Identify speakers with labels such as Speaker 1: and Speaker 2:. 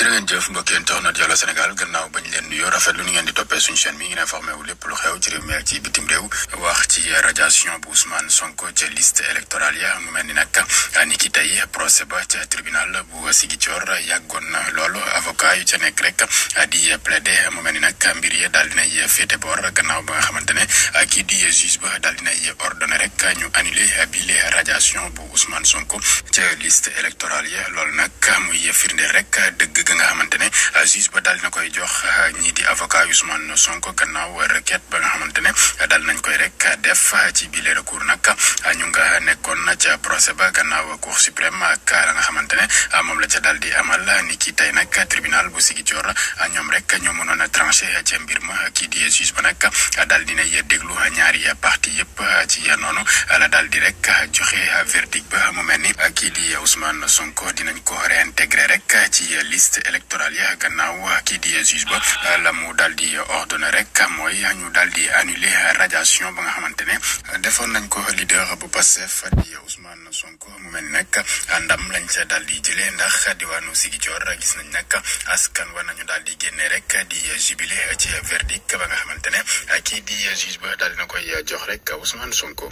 Speaker 1: jërë ngeen jëf mbokk yéen tax Sénégal gannaaw bañ leen nuyoo rafet lu ni ngeen di toppee suñu chaîne bi ngeen informé lépp lu xew ci réew mi ci bitim réew wax ci radiation bu Ousmane Sonko ca liste électorale ya mu mel ni nag ni ki tey procès ba ca tribunal bu Ziguinchor yàggoon loolu avocat yu ca nekk rek di plaider mu mel ni nag mbir yi daal dinay féete boor gannaaw ba nga xamante kii di juge ba daal dinay ordonné rek ñu annulé bi les radiation bu Ousmane Sonko ca liste électorale ya loolu nag muy firndeel rek dëgg ga nga xamante ne juge ba daal dina koy jox ñii di avocat Ousmane Sonko gannaaw requête ba nga xamante ne daal nañ koy rek def ci bile recours nag ñu nga nekkoon ca procès ba gannaaw cour suprême ak la nga xamante moom la ca daal amal ni ki tey tribunal bu Ziguinchor ñoom rek ñoo mënoon a tranché la daal di rek joxe verdict ba mu mel ni kii di Ousmane Sonko dinañ ko réintégré rek ci liste électorale ya gannaaw kii di juge ba la mu daal di ordonné rek mooy ñu daal di annulé radiation ba nga xamante ne defoon nañ ko leader bu Pastef di Ousmane Sonko mu mel ni nag ndam lañ ca daal di jëlee ndax diwaanu Ziguinchor gis nañ nag askan wa nañu daal di génne rek di jubilé ci verdict ba nga xamante ne kii di juge ba daal na koy jox rek Ousmane Sonko.